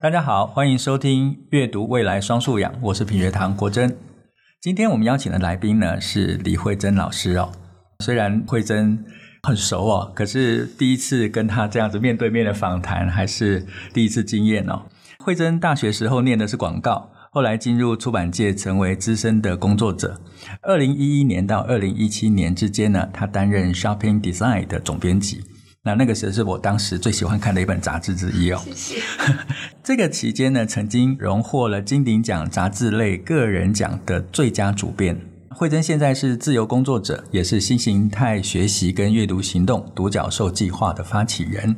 大家好，歡迎收聽《閱讀未來雙素養》，我是品學堂國珍。今天我們邀請的來賓呢是李惠貞老師哦。雖然惠貞很熟哦，可是第一次跟她這樣子面對面的訪談還是第一次經驗哦。惠貞大學時候念的是廣告，後來進入出版界，成為資深的工作者。二零一一年到二零一七年之間呢，她擔任《Shopping Design》的總編輯。那那個時候是我當時最喜歡看的一本雜誌之一哦。謝謝。這個期間呢，曾經榮獲了金鼎獎雜誌類個人獎的最佳主編。惠貞現在是自由工作者，也是新形態學習跟閱讀行動獨角獸計劃的發起人。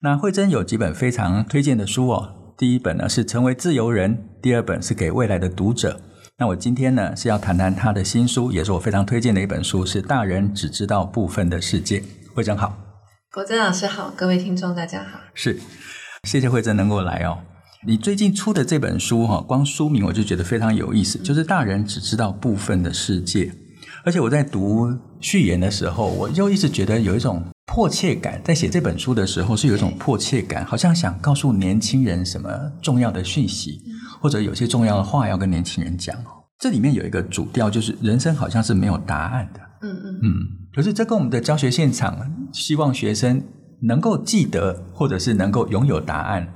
那惠貞有幾本非常推薦的書哦。第一本呢是《成為自由人》，第二本是《給未來的讀者》。那我今天呢是要談談她的新書，也是我非常推薦的一本書，是《大人只知道部分的世界》。惠貞好。國珍老師好，各位聽眾大家好。是，謝謝惠貞能夠來哦。你最近出的這本書哈，哦，光書名我就覺得非常有意思。嗯、就是大人只知道部分的世界，而且我在讀序言的時候，我又一直覺得有一種迫切感。在寫這本書的時候是有一種迫切感，嘿好像想告訴年輕人什麼重要的訊息，嗯、或者有些重要的話要跟年輕人講。這裡面有一個主調，就是人生好像是沒有答案的。嗯嗯嗯。嗯可是這跟我們的教學現場，希望學生能夠記得，或者是能夠擁有答案，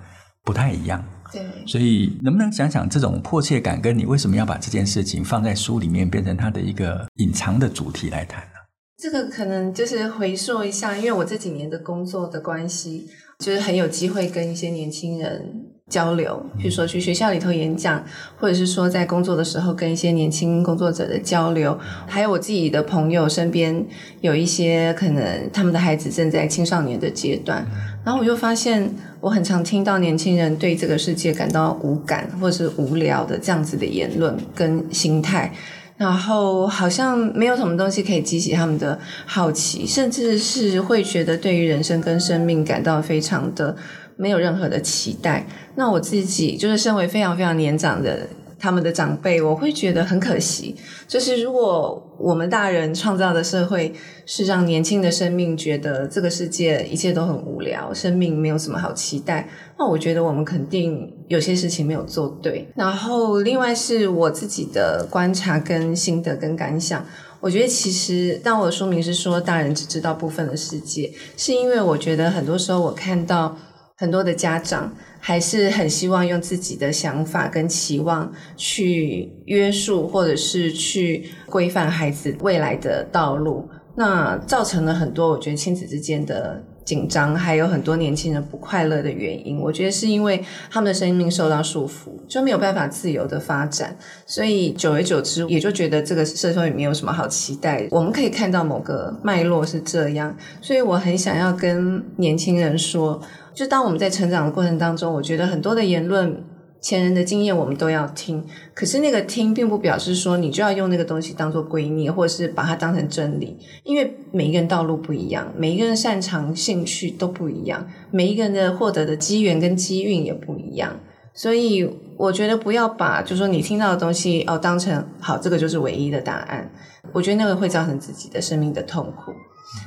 不太一樣。對。所以，能不能想想這種迫切感，跟你為什麼要把這件事情放在書裡面，變成它的一個隱藏的主題來談呢，啊？這個可能就是回溯一下，因為我這幾年的工作的關係，就是很有機會跟一些年輕人。交流，比如說去學校裡頭演講，或者是說在工作的時候跟一些年輕工作者的交流，還有我自己的朋友身邊有一些可能他們的孩子正在青少年的階段，然後我就發現我很常聽到年輕人對這個世界感到無感或者是無聊的這樣子的言論跟心態，然後好像沒有什麼東西可以激起他們的好奇，甚至是會覺得對於人生跟生命感到非常的。沒有任何的期待。那我自己就是身為非常非常年長的他們的長輩，我會覺得很可惜。就是如果我們大人創造的社會是讓年輕的生命覺得這個世界一切都很無聊，生命沒有什麼好期待，那我覺得我們肯定有些事情沒有做對。然後另外是我自己的觀察跟心得跟感想，我覺得其實，當我的書名是說大人只知道部分的世界，是因為我覺得很多時候我看到。很多的家長還是很希望用自己的想法跟期望去約束或者是去規範孩子未來的道路，那造成了很多我覺得親子之間的緊張，還有很多年輕人不快樂的原因。我覺得是因為他們的生命受到束縛，就沒有辦法自由的發展，所以久而久之也就覺得這個社會沒有什麼好期待。我們可以看到某個脈絡是這樣，所以我很想要跟年輕人說。就當我們在成長的過程當中，我覺得很多的言論、前人的經驗，我們都要聽。可是那個聽，並不表示說你就要用那個東西當做圭臬，或者是把它當成真理。因為每一個人道路不一樣，每一個人擅長、興趣都不一樣，每一個人的獲得的機緣跟機運也不一樣。所以我覺得不要把就是說你聽到的東西哦當成好，這個就是唯一的答案。我覺得那個會造成自己的生命的痛苦。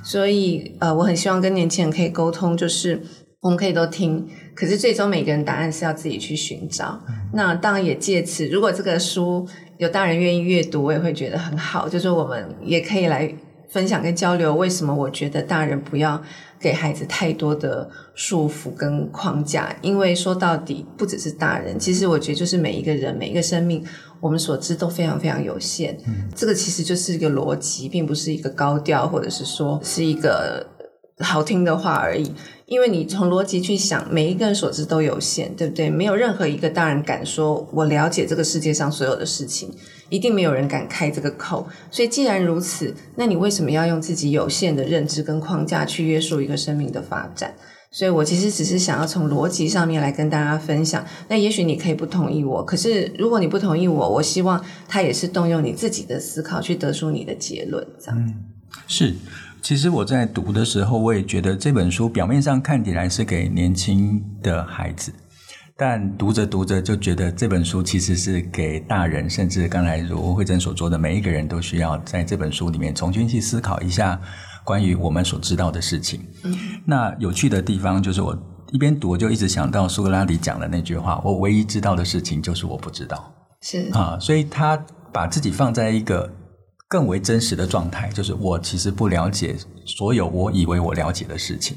所以呃，我很希望跟年輕人可以溝通，就是。我們可以都聽，可是最終每個人答案是要自己去尋找。那當然也借此，如果這個書有大人願意閱讀，我也會覺得很好。就是我們也可以來分享跟交流，為什麼我覺得大人不要給孩子太多的束縛跟框架？因為說到底，不只是大人，其實我覺得就是每一個人、每一個生命，我們所知都非常非常有限。嗯，這個其實就是一個邏輯，並不是一個高調，或者是說是一個。好聽的話而已，因為你從邏輯去想，每一個人所知都有限，對不對？沒有任何一個大人敢說我了解這個世界上所有的事情，一定沒有人敢開這個口。所以既然如此，那你為什麼要用自己有限的認知跟框架去約束一個生命的發展？所以，我其實只是想要從邏輯上面來跟大家分享。那也許你可以不同意我，可是如果你不同意我，我希望他也是動用你自己的思考去得出你的結論，這樣，嗯。是，其實我在讀的時候，我也覺得這本書表面上看起來是給年輕的孩子，但讀着讀着就覺得這本書其實是給大人，甚至剛才如惠貞所說的，每一個人都需要在這本書裡面重新去思考一下關於我們所知道的事情。嗯，那有趣的地方就是我一邊讀，就一直想到蘇格拉底講的那句話：“我唯一知道的事情就是我不知道。”是，是啊，所以他把自己放在一個。更為真實的狀態，就是我其實不了解所有我以為我了解的事情。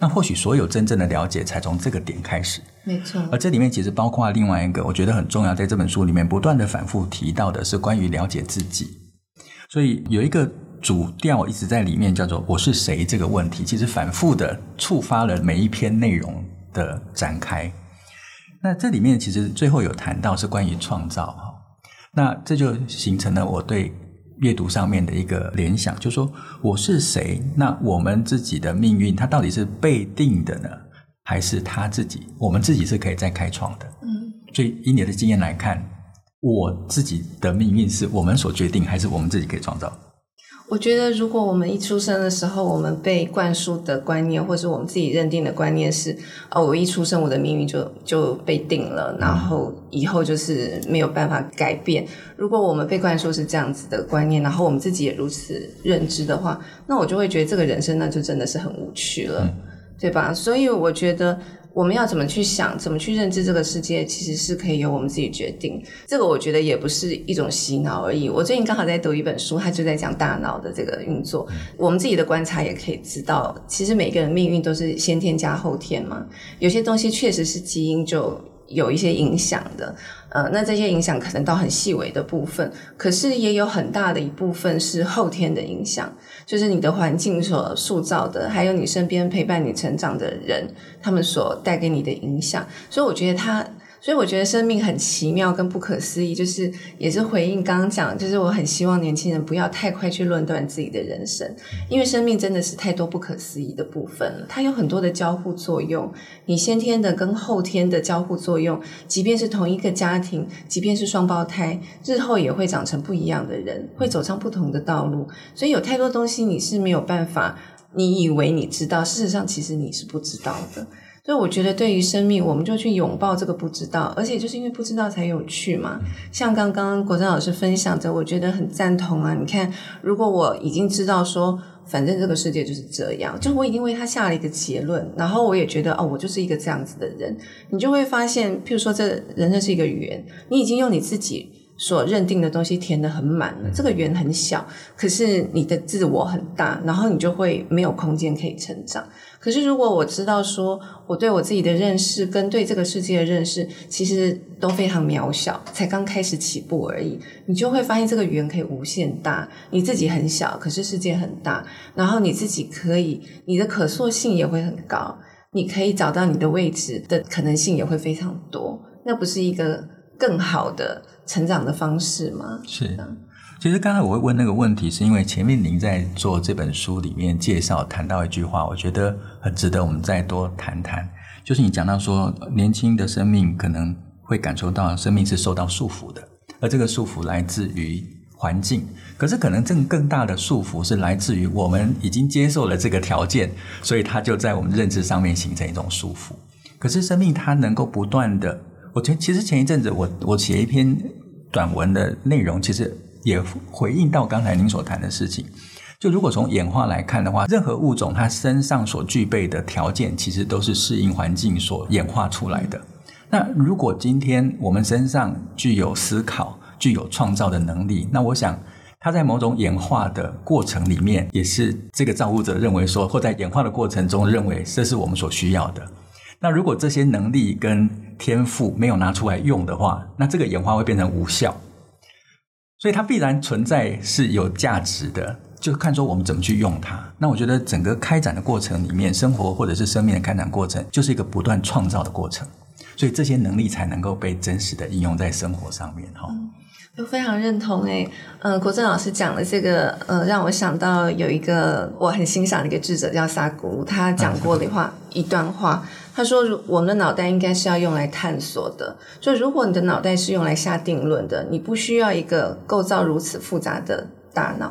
那或許所有真正的了解，才從這個點開始。沒錯。而這裡面其實包括另外一個我覺得很重要，在這本書裡面不斷的反覆提到的是關於了解自己。所以有一個主調一直在裡面，叫做“我是誰”這個問題，其實反覆的觸發了每一篇內容的展開。那這裡面其實最後有談到是關於創造哈，那這就形成了我對。閱讀上面的一個聯想，就是說我是誰？那我們自己的命運，它到底是被定的呢，還是他自己？我們自己是可以再開創的。嗯，所以以你的經驗來看，我自己的命運是我們所決定，還是我們自己可以創造？我覺得，如果我們一出生的時候，我們被灌輸的觀念，或者我們自己認定的觀念是，啊、哦，我一出生我的命運就就被定了，然後以後就是沒有辦法改變。如果我們被灌輸是這樣子的觀念，然後我們自己也如此認知的話，那我就會覺得這個人生那就真的是很無趣了，嗯、對吧？所以我覺得。我們要怎麼去想，怎麼去認知這個世界，其實是可以由我們自己決定。這個我覺得也不是一種洗腦而已。我最近剛好在讀一本書，它就在講大腦的這個運作。嗯，我們自己的觀察也可以知道，其實每個人命運都是先天加後天嘛。有些東西確實是基因就有一些影響的，呃，那這些影響可能到很細微的部分，可是也有很大的一部分是後天的影響。就是你的環境所塑造的，還有你身邊陪伴你成長的人，他們所帶給你的影響。所以我覺得他。所以我覺得生命很奇妙跟不可思議，就是也是回應剛剛講，就是我很希望年輕人不要太快去論斷自己的人生，因為生命真的是太多不可思議的部分了。它有很多的交互作用，你先天的跟後天的交互作用，即便是同一個家庭，即便是雙胞胎，日後也會長成不一樣的人，會走上不同的道路。所以有太多東西你是沒有辦法，你以為你知道，事實上其實你是不知道的。所以我覺得，對於生命，我們就去擁抱這個不知道，而且就是因為不知道才有趣嘛。像剛剛國珍老師分享的，我覺得很贊同啊。你看，如果我已經知道說，反正這個世界就是這樣，就是我已經為他下了一個結論，然後我也覺得哦，我就是一個這樣子的人，你就會發現，譬如說這，這人生是一個圓，你已經用你自己所認定的東西填得很滿了，嗯、這個圓很小，可是你的自我很大，然後你就會沒有空間可以成長。可是，如果我知道說我對我自己的認識跟對這個世界的認識，其實都非常渺小，才剛開始起步而已，你就會發現這個圓可以無限大，你自己很小，可是世界很大，然後你自己可以，你的可塑性也會很高，你可以找到你的位置的可能性也會非常多，那不是一個更好的成長的方式嗎？是的。嗯其實剛才我會問那個問題，是因為前面您在做這本書裡面介紹談到一句話，我覺得很值得我們再多談談。就是你講到說，年輕的生命可能會感受到生命是受到束縛的，而這個束縛來自於環境。可是可能正更大的束縛是來自於我們已經接受了這個條件，所以它就在我們認知上面形成一種束縛。可是生命它能夠不斷的，我覺其實前一陣子我我寫一篇短文的內容，其實。也回應到剛才您所談的事情，就如果從演化來看的話，任何物種它身上所具備的條件，其實都是適應環境所演化出來的。那如果今天我們身上具有思考、具有創造的能力，那我想，它在某種演化的過程裡面，也是這個造物者認為說，或在演化的過程中認為這是我們所需要的。那如果這些能力跟天賦沒有拿出來用的話，那這個演化會變成無效。所以它必然存在是有價值的，就看說我們怎麼去用它。那我覺得整個開展的過程裡面，生活或者是生命的開展過程，就是一個不斷創造的過程。所以這些能力才能夠被真實的應用在生活上面。哈、哦嗯，我非常認同誒、欸。嗯，國珍老師講的這個，呃，讓我想到有一個我很欣賞的一個智者叫薩古，他講過的話一段話。嗯他說：“如我們的腦袋應該是要用來探索的，就如果你的腦袋是用來下定論的，你不需要一個構造如此複雜的大腦。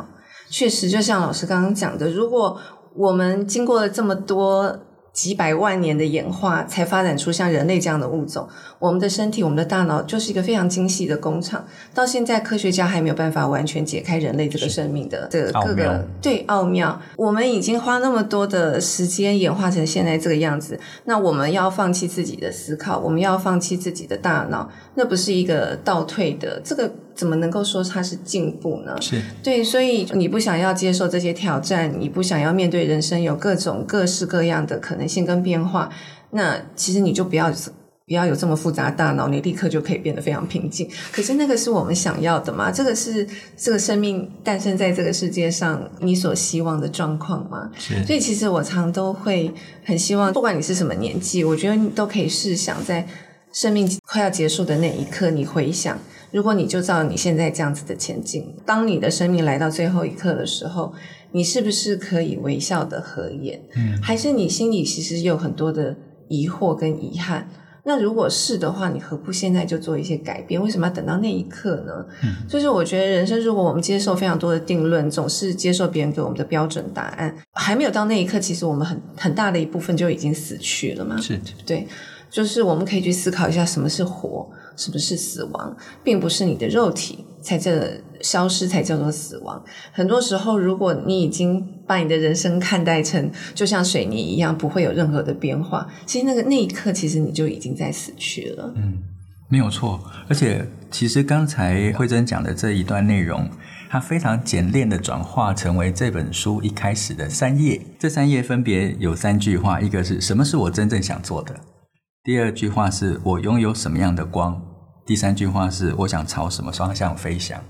確實，就像老師剛剛講的，如果我們經過了這麼多。”幾百萬年的演化才發展出像人類這樣的物種。我們的身體、我們的大腦就是一個非常精細的工廠。到現在，科學家還沒有辦法完全解開人類這個生命的的是這個各個奧妙對奧妙。我們已經花那麼多的時間演化成現在這個樣子，那我們要放棄自己的思考，我們要放棄自己的大腦，那不是一個倒退的這個。怎麼能夠說它是進步呢？是，對，所以你不想要接受這些挑戰，你不想要面對人生有各種各式各樣的可能性跟變化，那其實你就不要不要有這麼複雜大腦，你立刻就可以變得非常平靜。可是那個是我們想要的嗎？這個是這個生命誕生在這個世界上你所希望的狀況嗎？是。所以其實我常都會很希望，不管你是什麼年紀，我覺得你都可以試想，在生命快要結束的那一刻，你回想。如果你就照你現在這樣子的前進，當你的生命來到最後一刻的時候，你是不是可以微笑的合眼？嗯，還是你心裡其實有很多的疑惑跟遺憾？那如果是的話，你何不現在就做一些改變？為什麼要等到那一刻呢？嗯，就是我覺得人生，如果我們接受非常多的定論，總是接受別人給我們的標準答案，還沒有到那一刻，其實我們很很大的一部分就已經死去了嘛。是的，對，就是我們可以去思考一下什麼是活。是不是死亡，並不是你的肉體才這消失才叫做死亡。很多時候，如果你已經把你的人生看待成就像水泥一樣，不會有任何的變化，其實那個那一刻，其實你就已經在死去了。嗯，沒有錯。而且，其實剛才惠貞講的這一段內容，它非常簡練的轉化成為這本書一開始的三頁。這三頁分別有三句話：一個是什麼是我真正想做的；第二句話是我擁有什麼樣的光。第三句話是我想朝什麼方向飛翔，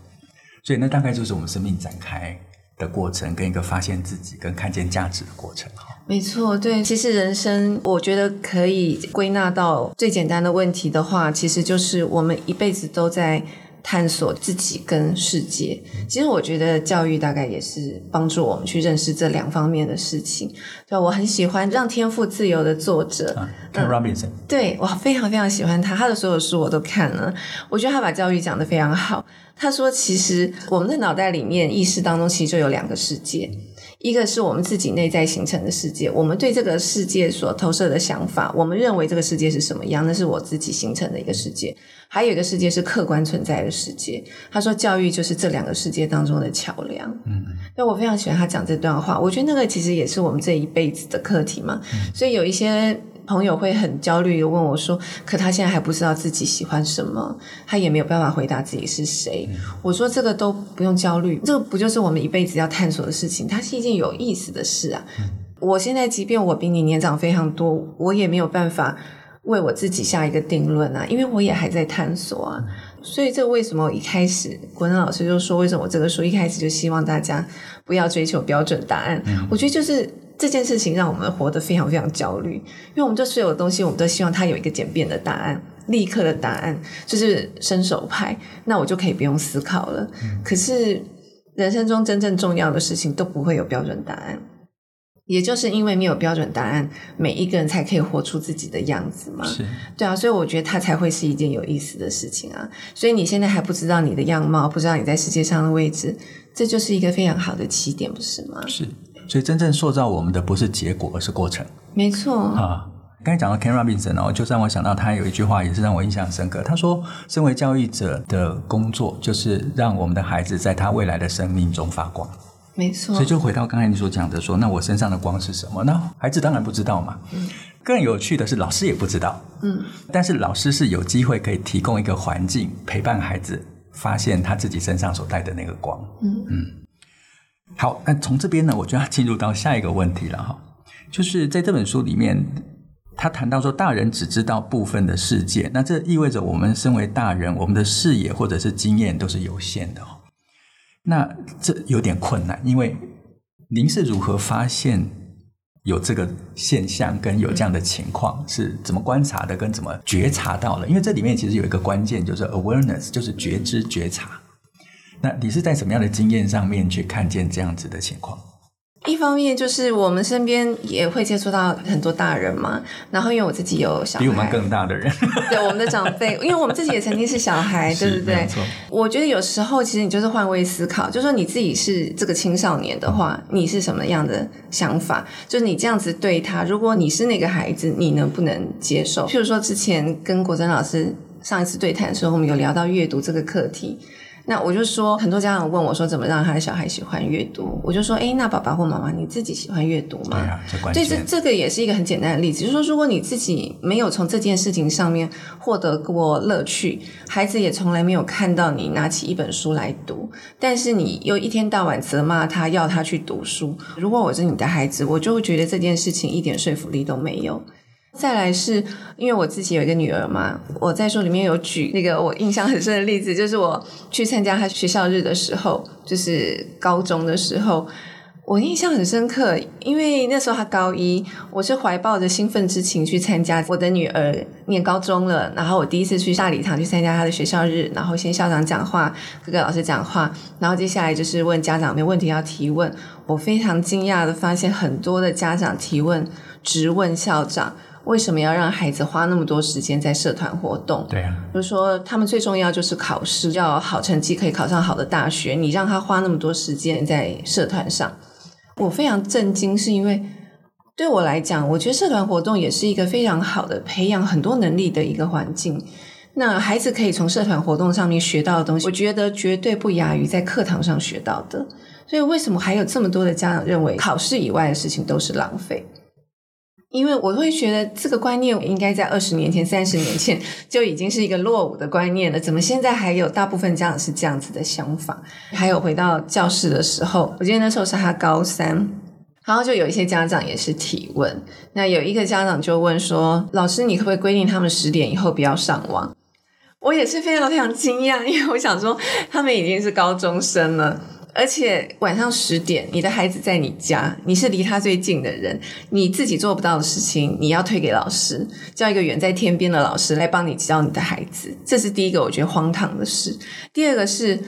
所以那大概就是我們生命展開的過程，跟一個發現自己、跟看見價值的過程哈。沒錯，對，其實人生我覺得可以歸納到最簡單的問題的話，其實就是我們一輩子都在探索自己跟世界，其實我覺得教育大概也是幫助我們去認識這兩方面的事情。對，我很喜歡讓天賦自由的作者，對，我非常非常喜歡他，他的所有書我都看了，我覺得他把教育講得非常好。他說，其實我們的腦袋裡面意識當中其實就有兩個世界。一個是我們自己內在形成的世界，我們對這個世界所投射的想法，我們認為這個世界是什麼樣，那是我自己形成的一個世界。還有一個世界是客觀存在的世界。他說，教育就是這兩個世界當中的橋梁。嗯，那我非常喜歡他講這段話，我覺得那個其實也是我們這一輩子的課題嘛。嗯，所以有一些。朋友會很焦慮地問我說：“可他現在還不知道自己喜歡什麼，他也沒有辦法回答自己是誰。”我說：“這個都不用焦慮，這個不就是我們一輩子要探索的事情？它是一件有意思的事啊！嗯、我現在，即便我比你年長非常多，我也沒有辦法為我自己下一個定論啊，因為我也還在探索啊。所以，這為什麼我一開始國珍老師就說，為什麼我這個書一開始就希望大家不要追求標準答案？嗯、我覺得就是。”這件事情讓我們活得非常非常焦慮，因為我們這所有的東西，我們都希望它有一個簡便的答案，立刻的答案，就是伸手牌，那我就可以不用思考了。嗯、可是，人生中真正重要的事情都不會有標準答案，也就是因為沒有標準答案，每一個人才可以活出自己的樣子嘛。是，對啊，所以我覺得它才會是一件有意思的事情啊。所以你現在還不知道你的樣貌，不知道你在世界上的位置，這就是一個非常好的起點，不是嗎？是。所以，真正塑造我們的不是結果，而是過程。沒錯。啊，剛才講到 Ken Robinson 哦，就讓我想到他有一句話也是讓我印象深刻。他說：“身為教育者的工作，就是讓我們的孩子在他未來的生命中發光。”沒錯。所以，就回到剛才你所講的說，說那我身上的光是什麼？那孩子當然不知道嘛。嗯。更有趣的是，老師也不知道。嗯。但是老師是有機會可以提供一個環境，陪伴孩子發現他自己身上所帶的那個光。嗯嗯。嗯。好，那從這邊呢，我就要進入到下一個問題了哈。就是在這本書裡面，他談到說，大人只知道部分的世界，那這意味着我們身為大人，我們的視野或者是經驗都是有限的哦。那這有點困難，因為您是如何發現有這個現象跟有這樣的情況，是怎麼觀察的，跟怎麼覺察到的？因為這裡面其實有一個關鍵，就是 awareness，就是覺知、覺察。那你是在什麼樣的經驗上面去看見這樣子的情況？一方面就是我們身邊也會接觸到很多大人嘛，然後因為我自己有小孩，比我們更大的人，對我們的長輩， 因為我們自己也曾經是小孩，是對不對？對對對。錯我覺得有時候其實你就是換位思考，就說你自己是這個青少年的話，嗯，你是什麼樣的想法？就是你這樣子對他，如果你是那個孩子，你能不能接受？譬如說之前跟國珍老師上一次對談的時候，我們有聊到閱讀這個課題。那我就說，很多家長問我，說怎麼讓他的小孩喜歡閱讀？我就說，誒，那爸爸或媽媽你自己喜歡閱讀嗎？對、嗯、啊，這關鍵。就是這個也是一個很簡單的例子，就是說，如果你自己沒有從這件事情上面獲得過樂趣，孩子也從來沒有看到你拿起一本書來讀，但是你又一天到晚責罵他，要他去讀書。如果我是你的孩子，我就會覺得這件事情一點說服力都沒有。.再來是，因為我自己有一個女兒嘛，我在書裡面有舉那個我印象很深的例子，就是我去參加她學校日的時候，就是高中的時候，我印象很深刻，因為那時候她高一，我是懷抱着興奮之情去參加，我的女兒念高中了，然後我第一次去大禮堂去參加她的學校日，然後先校長講話，各個老師講話，然後接下來就是問家長，沒問題要提問，我非常驚訝的發現，很多的家長提問直問校長。為什麼要讓孩子花那麼多時間在社團活動？對啊，比如說他們最重要就是考試，要好成績可以考上好的大學。你讓他花那麼多時間在社團上，我非常震驚，是因為對我來講，我覺得社團活動也是一個非常好的培養很多能力的一個環境。那孩子可以從社團活動上面學到的東西，我覺得絕對不亞於在課堂上學到的。所以，為什麼還有這麼多的家長認為考試以外的事情都是浪費？因為我會覺得這個觀念應該在二十年前，三十年前就已經是一個落伍的觀念了，怎麼現在還有大部分家長是這樣子的想法？還有回到教室的時候，我記得那時候是他高三，然後就有一些家長也是提問。那有一個家長就問說：“老師，你可不可以規定他們十點以後不要上網？”我也是非常非常驚訝，因為我想說他們已經是高中生了。而且晚上十點，你的孩子在你家，你是離他最近的人，你自己做不到的事情，你要推給老師，叫一個遠在天邊的老師來幫你教你的孩子，這是第一個我覺得荒唐的事。第二個是，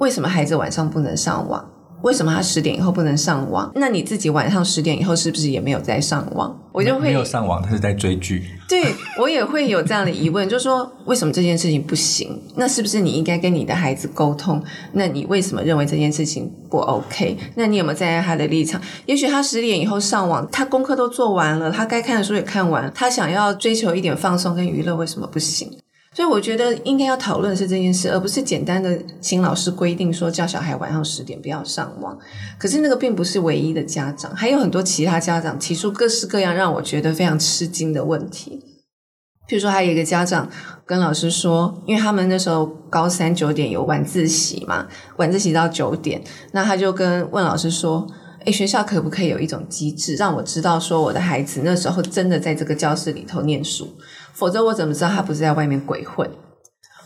為什麼孩子晚上不能上網？為什麼他十點以後不能上網？那你自己晚上十點以後是不是也沒有在上網？我就會沒有上網，他是在追劇。 對，我也會有這樣的疑問，就是說為什麼這件事情不行？那是不是你應該跟你的孩子溝通？那你為什麼認為這件事情不 OK？那你有沒有站在他的立場？也許他十點以後上網，他功課都做完了，他該看的書也看完，他想要追求一點放鬆跟娛樂，為什麼不行？所以我覺得應該要討論的是這件事，而不是簡單的請老師規定說，叫小孩晚上十點不要上網。可是那個並不是唯一的家長，還有很多其他家長提出各式各樣讓我覺得非常吃驚的問題。譬如說，還有一個家長跟老師說，因為他們那時候高三九點有晚自習嘛，晚自習到九點，那他就跟問老師說：“誒，學校可不可以有一種機制，讓我知道說我的孩子那時候真的在這個教室裡頭念書？”否則我怎麼知道他不是在外面鬼混？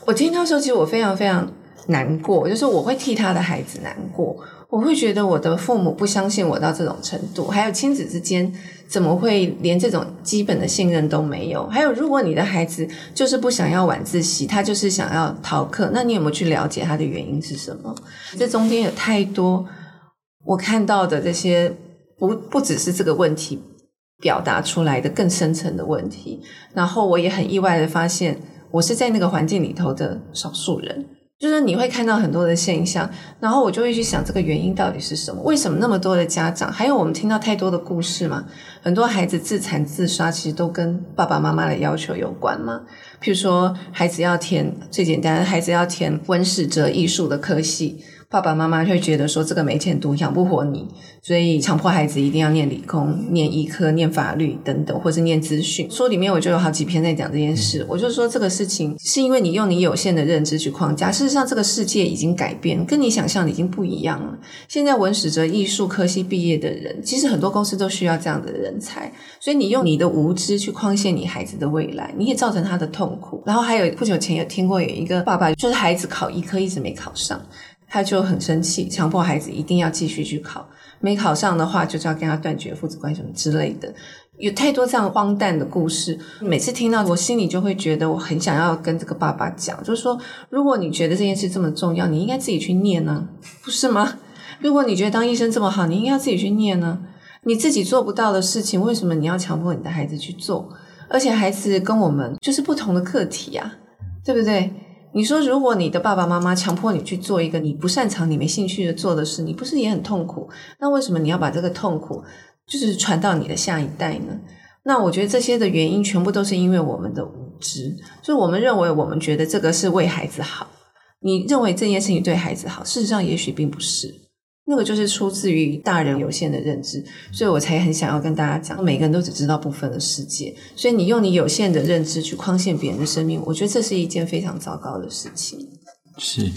我聽到時候，其實我非常非常難過，就是我會替他的孩子難過，我會覺得我的父母不相信我到這種程度，還有親子之間怎麼會連這種基本的信任都沒有？還有，如果你的孩子就是不想要晚自習，他就是想要逃課，那你有沒有去了解他的原因是什麼？這中間有太多我看到的這些，不不只是這個問題。表達出來的更深層的問題，然後我也很意外的發現，我是在那個環境裡頭的少數人，就是你會看到很多的現象，然後我就會去想這個原因到底是什麼？為什麼那麼多的家長，還有我們聽到太多的故事嘛。很多孩子自殘自殺，其實都跟爸爸媽媽的要求有關嘛。譬如說孩，孩子要填最簡單的，孩子要填文史哲藝術的科系。爸爸媽媽會覺得說這個沒前途，養不活你，所以強迫孩子一定要念理工、念醫科、念法律等等，或是念資訊。書裡面我就有好幾篇在講這件事。我就說這個事情是因為你用你有限的認知去框架，事實上這個世界已經改變，跟你想象的已經不一樣了。現在文史哲、藝術科系畢業的人，其實很多公司都需要這樣的人才。所以你用你的無知去框限你孩子的未來，你也造成他的痛苦。然後還有不久前有聽過有一個爸爸，就是孩子考醫科一直沒考上。他就很生氣，強迫孩子一定要繼續去考，沒考上的話，就是要跟他斷絕父子關係什麼之類的。有太多這樣荒誕的故事，每次聽到，我心裡就會覺得我很想要跟這個爸爸講，就是說，如果你覺得這件事這麼重要，你應該自己去念呢，不是嗎？如果你覺得當醫生這麼好，你應該要自己去念呢。你自己做不到的事情，為什麼你要強迫你的孩子去做？而且孩子跟我們就是不同的課題呀，對不對？你說，如果你的爸爸媽媽強迫你去做一個你不擅長、你沒興趣的做的事，你不是也很痛苦？那為什麼你要把這個痛苦就是傳到你的下一代呢？那我覺得這些的原因全部都是因為我們的無知，就是我們認為我們覺得這個是為孩子好，你認為這件事情對孩子好，事實上也許並不是。那個就是出自於大人有限的認知，所以我才很想要跟大家講，每個人都只知道部分的世界，所以你用你有限的認知去框限別人的生命，我覺得這是一件非常糟糕的事情。是，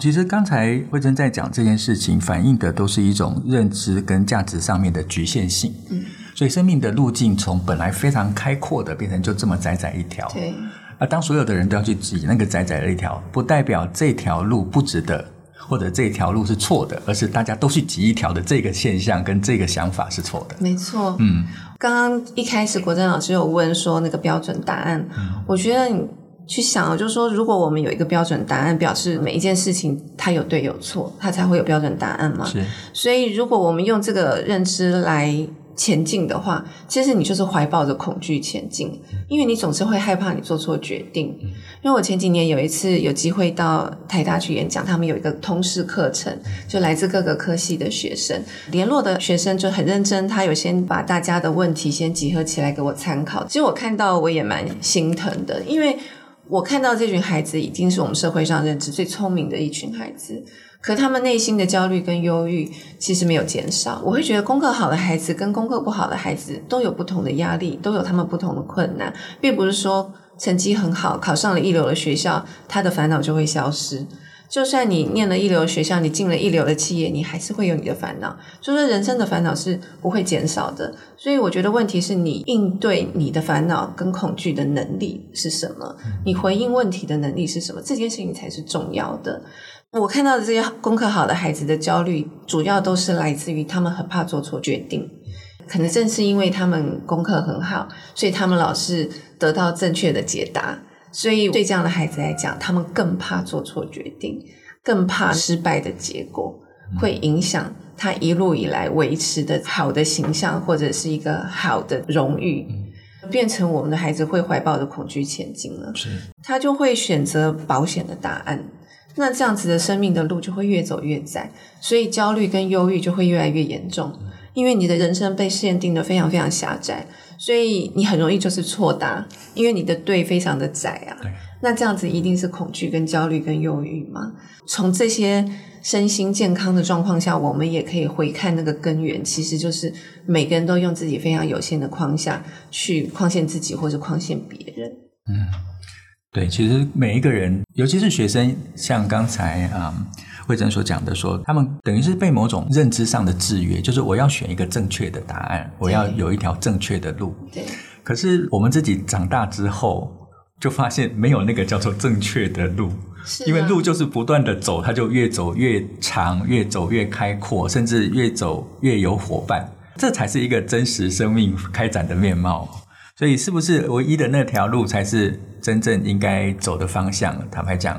其實剛才惠貞在講這件事情，反映的都是一種認知跟價值上面的局限性。嗯，所以生命的路徑從本來非常開闊的，變成就這麼窄窄一條。對。而當所有的人都要去擠那個窄窄的一條，不代表這條路不值得。或者這條路是錯的，而是大家都去擠一條的這個現象跟這個想法是錯的。沒錯，嗯，剛剛一開始國珍老師有問說那個標準答案，嗯，我覺得你去想，就是說如果我們有一個標準答案，表示每一件事情它有對有錯，它才會有標準答案嘛。是。所以如果我們用這個認知來前進的話，其實你就是懷抱着恐懼前進，因為你總是會害怕你做錯決定。嗯因為我前幾年有一次有機會到台大去演講，他們有一個通識課程，就來自各個科系的學生。聯絡的學生就很認真，他有先把大家的問題先集合起來給我參考。其實我看到我也蠻心疼的，因為我看到這群孩子已經是我們社會上認知最聰明的一群孩子，可他們內心的焦慮跟憂鬱其實沒有減少。我會覺得功課好的孩子跟功課不好的孩子都有不同的壓力，都有他們不同的困難，並不是說。成績很好，考上了一流的學校，他的煩惱就會消失。就算你念了一流的學校，你進了一流的企業，你還是會有你的煩惱。所以說，人生的煩惱是不會減少的。所以我覺得問題是你應對你的煩惱跟恐懼的能力是什麼？你回應問題的能力是什麼？這件事情才是重要的。我看到的這些功課好的孩子的焦慮，主要都是來自於他們很怕做錯決定。可能正是因為他們功課很好，所以他們老是得到正確的解答，所以對這樣的孩子來講，他們更怕做錯決定，更怕失敗的結果會影響他一路以來維持的好的形象，或者是一個好的榮譽，變成我們的孩子會懷抱着恐懼前進了。是，他就會選擇保險的答案，那這樣子的生命的路就會越走越窄，所以焦慮跟憂鬱就會越來越嚴重。因為你的人生被限定的非常非常狹窄，所以你很容易就是錯打，因為你的隊非常的窄啊。對那這樣子一定是恐懼，跟焦慮，跟憂鬱嘛。從這些身心健康的狀況下，我們也可以回看那個根源，其實就是每個人都用自己非常有限的框架去框限自己或者框限別人。嗯，對，其實每一個人，尤其是學生，像剛才啊。嗯惠貞所講的說，他們等於是被某種認知上的制約，就是我要選一個正確的答案，對我要有一條正確的路。對可是我們自己長大之後，就發現沒有那個叫做正確的路，啊、因為路就是不斷的走，它就越走越長，越走越開闊，甚至越走越有夥伴，這才是一個真實生命開展的面貌。所以，是不是唯一的那條路才是真正應該走的方向？坦白講。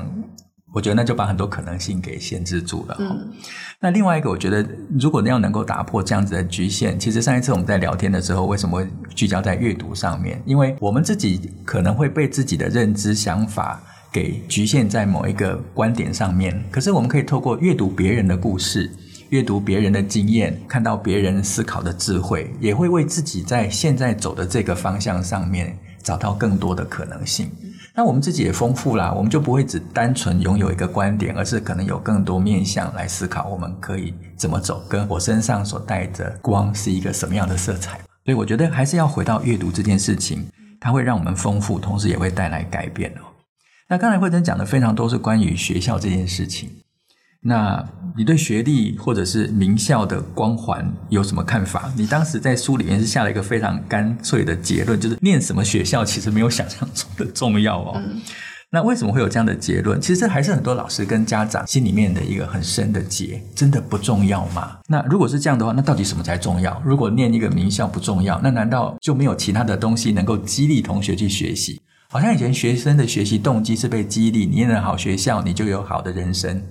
我覺得那就把很多可能性給限制住了哦。嗯。那另外一個，我覺得如果要能夠打破這樣子的侷限，其實上一次我們在聊天的時候，為什麼會聚焦在閱讀上面？因為我們自己可能會被自己的認知、想法給侷限在某一個觀點上面。可是我們可以透過閱讀別人的故事、閱讀別人的經驗，看到別人思考的智慧，也會為自己在現在走的這個方向上面找到更多的可能性。那我們自己也豐富了，我們就不會只單純擁有一個觀點，而是可能有更多面向來思考，我們可以怎麼走。跟我身上所帶着光是一個什麼樣的色彩？所以我覺得還是要回到閱讀這件事情，它會讓我們豐富，同時也會帶來改變哦。那剛才惠貞講的非常多是關於學校這件事情。那你對學歷或者是名校的光環有什麼看法？你當時在書裡面是下了一個非常乾脆的結論，就是念什麼學校其實沒有想象中的重要哦。嗯。那為什麼會有這樣的結論？其實還是很多老師跟家長心裡面的一個很深的結，真的不重要嗎？那如果是這樣的話，那到底什麼才重要？如果念一個名校不重要，那難道就沒有其他的東西能夠激勵同學去學習？好像以前學生的學習動機是被激勵，你念了好學校，你就有好的人生。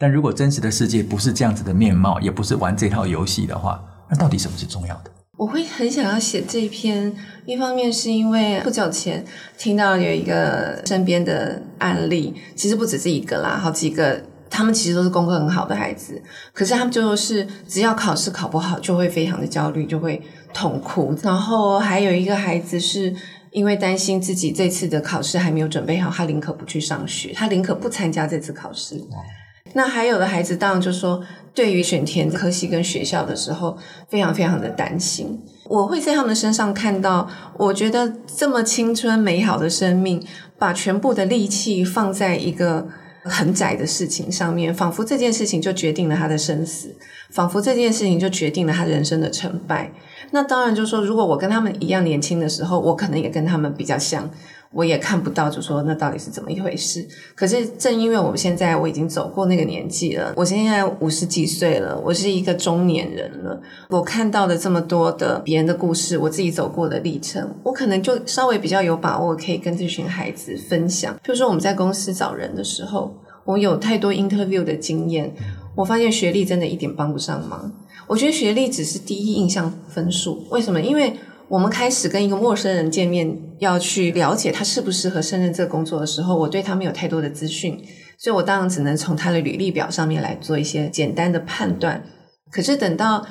但如果真實的世界不是這樣子的面貌，也不是玩這套遊戲的話，那到底什麼是重要的？我會很想要寫這篇，一方面是因為不久前聽到有一個身邊的案例，其實不止這一個啦，好幾個，他們其實都是功課很好的孩子，可是他們就是只要考試考不好，就會非常的焦慮，就會痛哭。然後還有一個孩子是因為擔心自己這次的考試還沒有準備好，他寧可不去上學，他寧可不參加這次考試。嗯那還有的孩子，當然就說，對於選填科系跟學校的時候，非常非常的擔心。我會在他們身上看到，我覺得這麼青春美好的生命，把全部的力氣放在一個很窄的事情上面，仿佛這件事情就決定了他的生死，仿佛這件事情就決定了他人生的成敗。那當然就說，如果我跟他們一樣年輕的時候，我可能也跟他們比較像。我也看不到，就說那到底是怎麼一回事。可是正因為我現在我已經走過那個年紀了，我現在五十幾歲了，我是一個中年人了。我看到的這麼多的別人的故事，我自己走過的歷程，我可能就稍微比較有把握可以跟這群孩子分享。譬如說我們在公司找人的時候，我有太多 interview 的經驗，我發現學歷真的一點幫不上忙。我覺得學歷只是第一印象分數，為什麼？因為我們開始跟一個陌生人見面，要去了解他適不是適合勝任這個工作的時候，我對他沒有太多的資訊，所以我當然只能從他的履歷表上面來做一些簡單的判斷。嗯、可是等到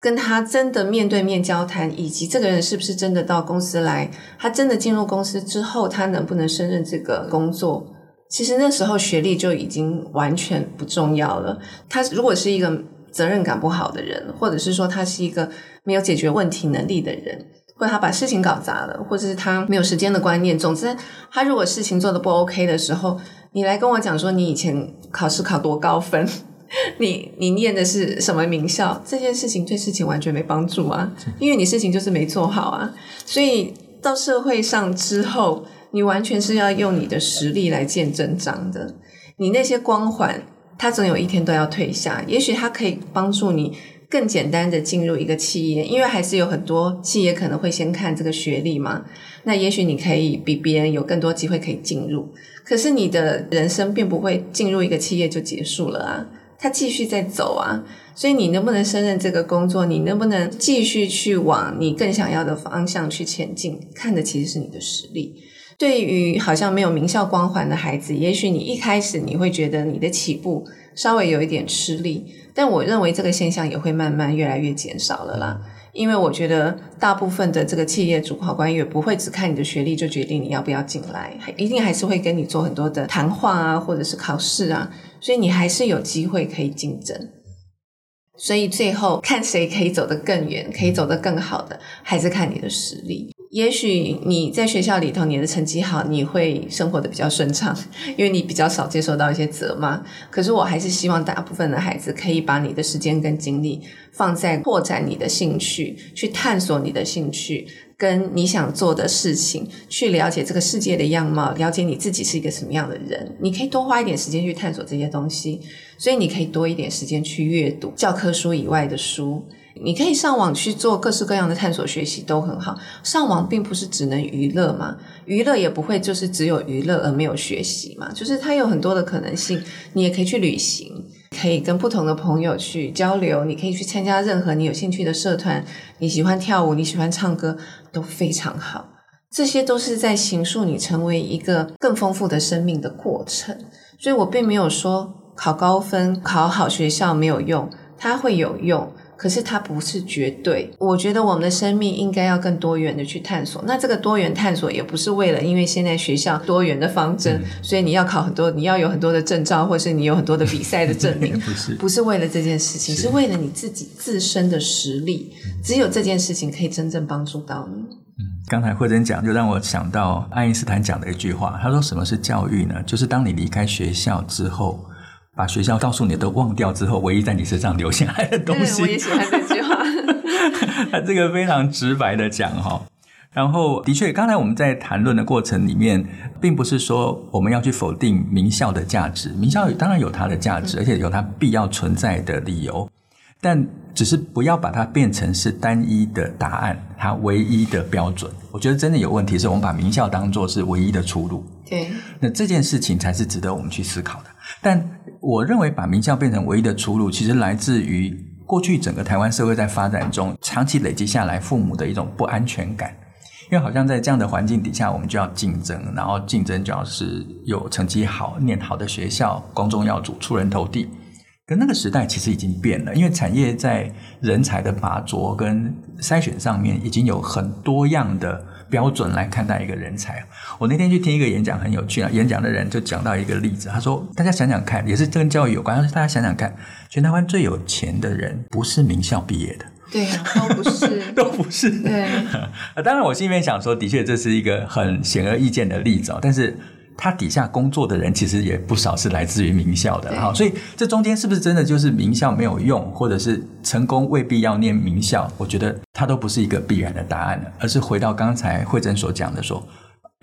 跟他真的面對面交談，以及這個人是不是真的到公司來，他真的進入公司之後，他能不能勝任這個工作，其實那時候學歷就已經完全不重要了。他如果是一個責任感不好的人，或者是說他是一個沒有解決問題能力的人，或者他把事情搞砸了，或者是他沒有時間的觀念。總之，他如果事情做得不 OK 的時候，你來跟我講說你以前考試考多高分，你你念的是什麼名校，這件事情對事情完全沒幫助啊，因為你事情就是沒做好啊。所以到社會上之後，你完全是要用你的實力來見真章的，你那些光環，他總有一天都要退下，也許他可以幫助你更簡單的進入一個企業，因為還是有很多企業可能會先看這個學歷嘛。那也許你可以比別人有更多機會可以進入，可是你的人生並不會進入一個企業就結束了啊，他繼續在走啊。所以你能不能勝任這個工作，你能不能繼續去往你更想要的方向去前進，看的其實是你的實力。對於好像沒有名校光環的孩子，也許你一開始你會覺得你的起步稍微有一點吃力，但我認為這個現象也會慢慢越來越減少了啦。因為我覺得大部分的這個企業主考官也不會只看你的學歷就決定你要不要進來，一定還是會跟你做很多的談話啊，或者是考試啊，所以你還是有機會可以競爭。所以最後看誰可以走得更遠，可以走得更好的，還是看你的實力。也許你在學校裡頭，你的成績好，你會生活得比較順暢，因為你比較少接受到一些責罵。可是我還是希望大部分的孩子，可以把你的時間跟精力放在拓展你的興趣，去探索你的興趣，跟你想做的事情，去了解這個世界的樣貌，了解你自己是一個什麼樣的人。你可以多花一點時間去探索這些東西，所以你可以多一點時間去閱讀教科書以外的書。你可以上網去做各式各樣的探索，學習都很好。上網並不是只能娛樂嘛，娛樂也不會就是只有娛樂而沒有學習嘛，就是它有很多的可能性。你也可以去旅行，可以跟不同的朋友去交流，你可以去參加任何你有興趣的社團。你喜歡跳舞，你喜歡唱歌，都非常好。這些都是在形塑你成為一個更豐富的生命的過程。所以我並沒有說考高分、考好學校沒有用，它會有用。可是它不是絕對，我覺得我們的生命應該要更多元的去探索。那這個多元探索也不是為了，因為現在學校多元的方針，嗯、所以你要考很多，你要有很多的證照，或是你有很多的比賽的證明， 不是，不是為了這件事情，是，是為了你自己自身的實力。只有這件事情可以真正幫助到你。嗯、剛才惠貞講，就讓我想到愛因斯坦講的一句話，他說：“什麼是教育呢？就是當你離開學校之後。”把學校告訴你的都忘掉之後，唯一在你身上留下來的東西。對，我也喜歡這句話。 他這個非常直白的講哈、哦。然後，的確，剛才我們在談論的過程裡面，並不是說我們要去否定名校的價值。名校當然有它的價值，嗯、而且有它必要存在的理由。但只是不要把它變成是單一的答案，它唯一的標準。我覺得真的有問題，是我們把名校當做是唯一的出路。對。那這件事情才是值得我們去思考的。但我認為把名校變成唯一的出路，其實來自於過去整個台灣社會在發展中長期累積下來父母的一種不安全感，因為好像在這樣的環境底下，我們就要競爭，然後競爭就要是有成績好、念好的學校、光宗耀祖、出人頭地。可那個時代其實已經變了，因為產業在人才的拔擢跟篩選上面已經有很多樣的。標準來看待一個人才。我那天去聽一個演講，很有趣啊。演講的人就講到一個例子，他說：“大家想想看，也是跟教育有關。大家想想看，全台灣最有錢的人不是名校畢業的，對啊，都不是， 都不是。對啊，當然我心裡面想說，的確這是一個很顯而易見的例子啊、哦。但是他底下工作的人其實也不少是來自於名校的哈。對所以這中間是不是真的就是名校沒有用，或者是成功未必要念名校？我覺得。”它都不是一個必然的答案，而是回到剛才惠貞所講的說，說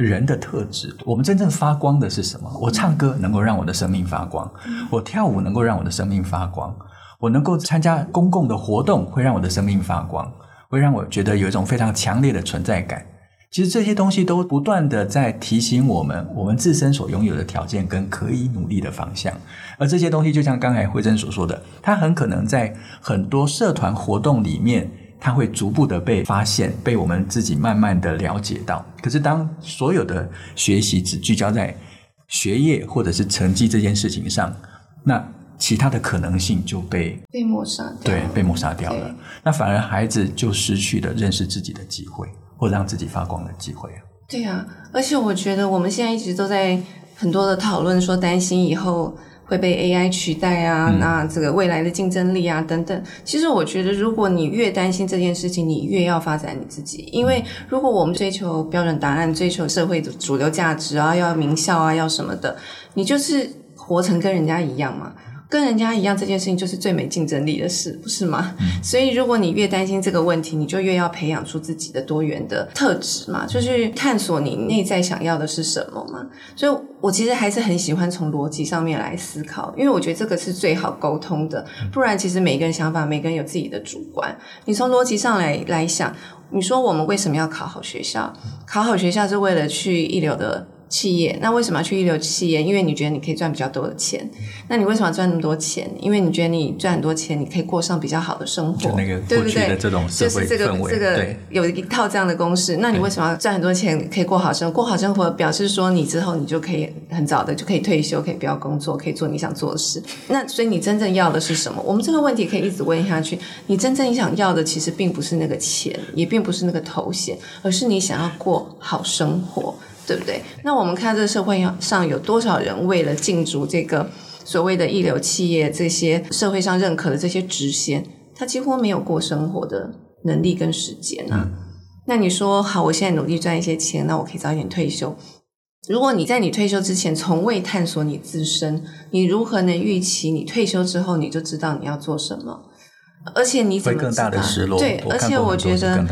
人的特質，我們真正發光的是什麼？我唱歌能夠讓我的生命發光，我跳舞能夠讓我的生命發光，我能夠參加公共的活動會讓我的生命發光，會讓我覺得有一種非常強烈的存在感。其實這些東西都不斷地在提醒我們，我們自身所擁有的條件跟可以努力的方向。而這些東西，就像剛才惠貞所說的，它很可能在很多社團活動裡面。他會逐步的被發現，被我們自己慢慢的了解到。可是當所有的學習只聚焦在學業或者是成績這件事情上，那其他的可能性就被被抹殺掉了。對，被抹殺掉了。對那反而孩子就失去了認識自己的機會，或者讓自己發光的機會。對啊，而且我覺得我們現在一直都在很多的討論，說擔心以後。會被 AI 取代啊，那、嗯啊、這個未來的競爭力啊等等。其實我覺得，如果你越擔心這件事情，你越要發展你自己。因為如果我們追求標準答案，追求社會的主流價值啊，要名校啊，要什麼的，你就是活成跟人家一樣嘛。跟人家一樣，這件事情就是最沒競爭力的事，不是嗎？所以，如果你越擔心這個問題，你就越要培養出自己的多元的特質嘛，就去探索你內在想要的是什麼嘛。所以我其實還是很喜歡從邏輯上面來思考，因為我覺得這個是最好溝通的。不然，其實每個人想法，每個人有自己的主觀。你從邏輯上來來想，你說我們為什麼要考好學校？考好學校是為了去一流的。企業，那為什麼要去一流企業？因為你覺得你可以賺比較多的錢。嗯、那你為什麼要賺那麼多錢？因為你覺得你賺很多錢，你可以過上比較好的生活，對不對？就是這個對這個有一套這樣的公式。那你為什麼要賺很多錢，可以過好生活？對過好生活表示說你之後你就可以很早的就可以退休，可以不要工作，可以做你想做的事。那所以你真正要的是什麼？我們這個問題可以一直問下去。你真正你想要的其實並不是那個錢，也並不是那個頭銜，而是你想要過好生活。對不對？那我們看這個社會上有多少人為了競逐這個所謂的一流企業、這些社會上認可的這些職銜，他幾乎沒有過生活的能力跟時間啊！嗯、那你說，好，我現在努力賺一些錢，那我可以早一點退休。如果你在你退休之前從未探索你自身，你如何能預期你退休之後你就知道你要做什麼？而且你怎麼知道？會更大的失落。對，而且我覺得。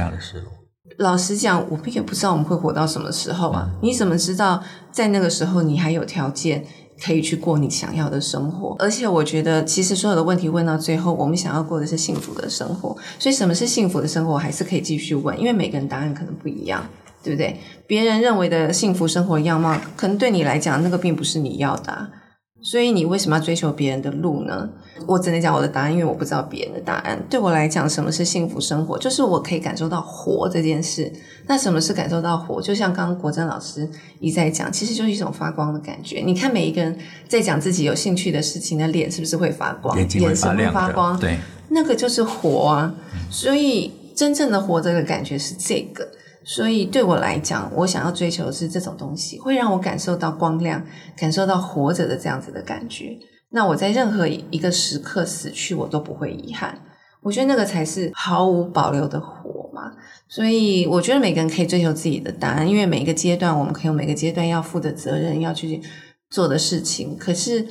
老實講，我們也不知道我們會活到什麼時候啊？你怎麼知道在那個時候你還有條件可以去過你想要的生活？而且我覺得，其實所有的問題問到最後，我們想要過的是幸福的生活。所以，什麼是幸福的生活，我還是可以繼續問，因為每個人答案可能不一樣，對不對？別人認為的幸福生活樣貌，可能對你來講，那個並不是你要的啊。所以你為什麼要追求別人的路呢？我只能講我的答案，因為我不知道別人的答案。對我來講，什麼是幸福生活？就是我可以感受到活這件事。那什麼是感受到活？就像剛剛國珍老師一再講，其實就是一種發光的感覺。你看每一個人在講自己有興趣的事情的臉，是不是會發光？眼睛會發亮，眼神會發光，對，那個就是活啊。所以真正的活這個感覺是這個。所以對我來講，我想要追求的是這種東西，會讓我感受到光亮，感受到活着的這樣子的感覺。那我在任何一個時刻死去，我都不會遺憾。我覺得那個才是毫無保留的活嘛。所以我覺得每個人可以追求自己的答案，因為每一個階段我們可以有每個階段要負的責任，要去做的事情。可是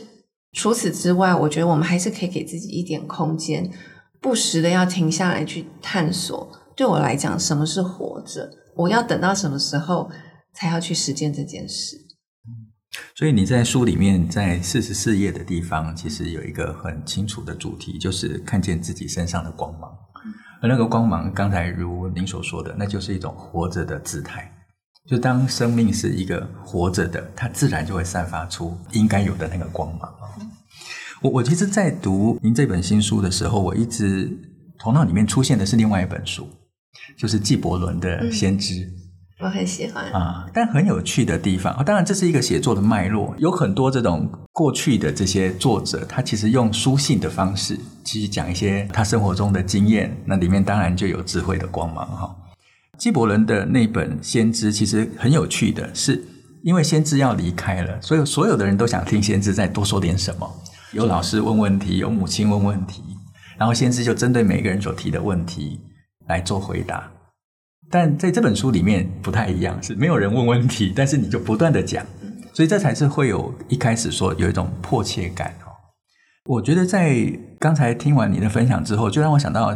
除此之外，我覺得我們還是可以給自己一點空間，不時的要停下來去探索。對我來講，什麼是活着？我要等到什麼時候才要去實踐這件事？所以你在書裡面在四十四頁的地方，其實有一個很清楚的主題，就是看見自己身上的光芒。而那個光芒，剛才如您所說的，那就是一種活着的姿態。就當生命是一個活着的，它自然就會散發出應該有的那個光芒。我我其實，在讀您這本新書的時候，我一直頭腦裡面出現的是另外一本書。就是紀伯倫的《先知》，嗯，我很喜歡啊。但很有趣的地方，當然這是一個寫作的脈絡，有很多這種過去的這些作者，他其實用書信的方式，其實講一些他生活中的經驗。那裡面當然就有智慧的光芒哈。紀伯倫的那本《先知》其實很有趣的是，因為先知要離開了，所以所有的人都想聽先知再多說點什麼。有老師問問題，有母親問問題，然後先知就針對每個人所提的問題，來做回答，但在這本書裡面不太一樣，是沒有人問問題，但是你就不斷的講，嗯、所以這才是會有一開始說有一種迫切感哦。我覺得在剛才聽完你的分享之後，就讓我想到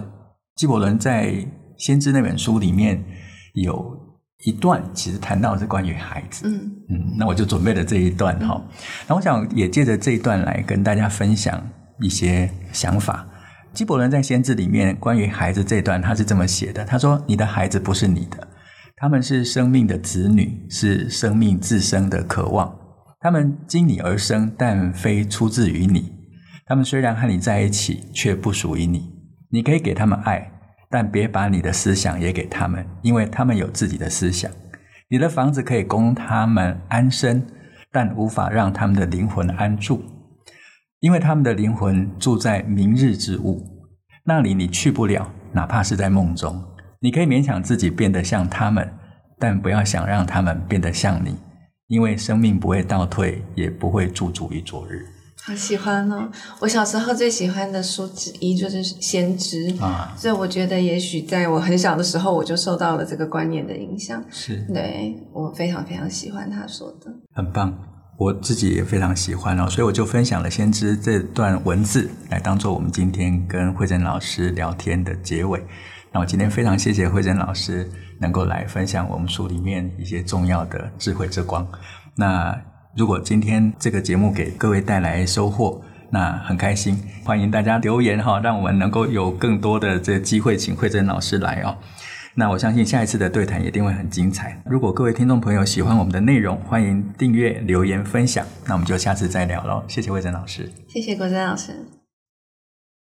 紀伯倫在《先知》那本書裡面有一段，其實談到的是關於孩子，嗯嗯，那我就準備了這一段哈，那、嗯、我想也借着這一段來跟大家分享一些想法。紀伯倫在《先知》裡面關於孩子這段，他是這麼寫的：“他說，你的孩子不是你的，他們是生命的子女，是生命自身的渴望。他們經你而生，但非出自於你。他們雖然和你在一起，卻不屬於你。你可以給他們愛，但別把你的思想也給他們，因為他們有自己的思想。你的房子可以供他們安身，但無法讓他們的靈魂安住。”因為他們的靈魂住在明日之屋那裡，你去不了，哪怕是在夢中。你可以勉強自己變得像他們，但不要想讓他們變得像你，因為生命不會倒退，也不會駐足於昨日。好喜歡哦！我小時候最喜歡的書之一就是《先知》啊，所以我覺得也許在我很小的時候，我就受到了這個觀念的影響。是對，我非常非常喜歡他說的，很棒。我自己也非常喜歡哦，所以我就分享了先知這段文字來當做我們今天跟惠貞老師聊天的結尾。那我今天非常謝謝惠貞老師能夠來分享我們書裡面一些重要的智慧之光。那如果今天這個節目給各位帶來收穫，那很開心，歡迎大家留言哈、哦，讓我們能夠有更多的這個機會請惠貞老師來哦。那我相信下一次的對談一定會很精彩。如果各位聽眾朋友喜歡我們的內容，歡迎訂閱、留言、分享。那我們就下次再聊嘍，謝謝惠貞老師，謝謝國珍老師。謝謝。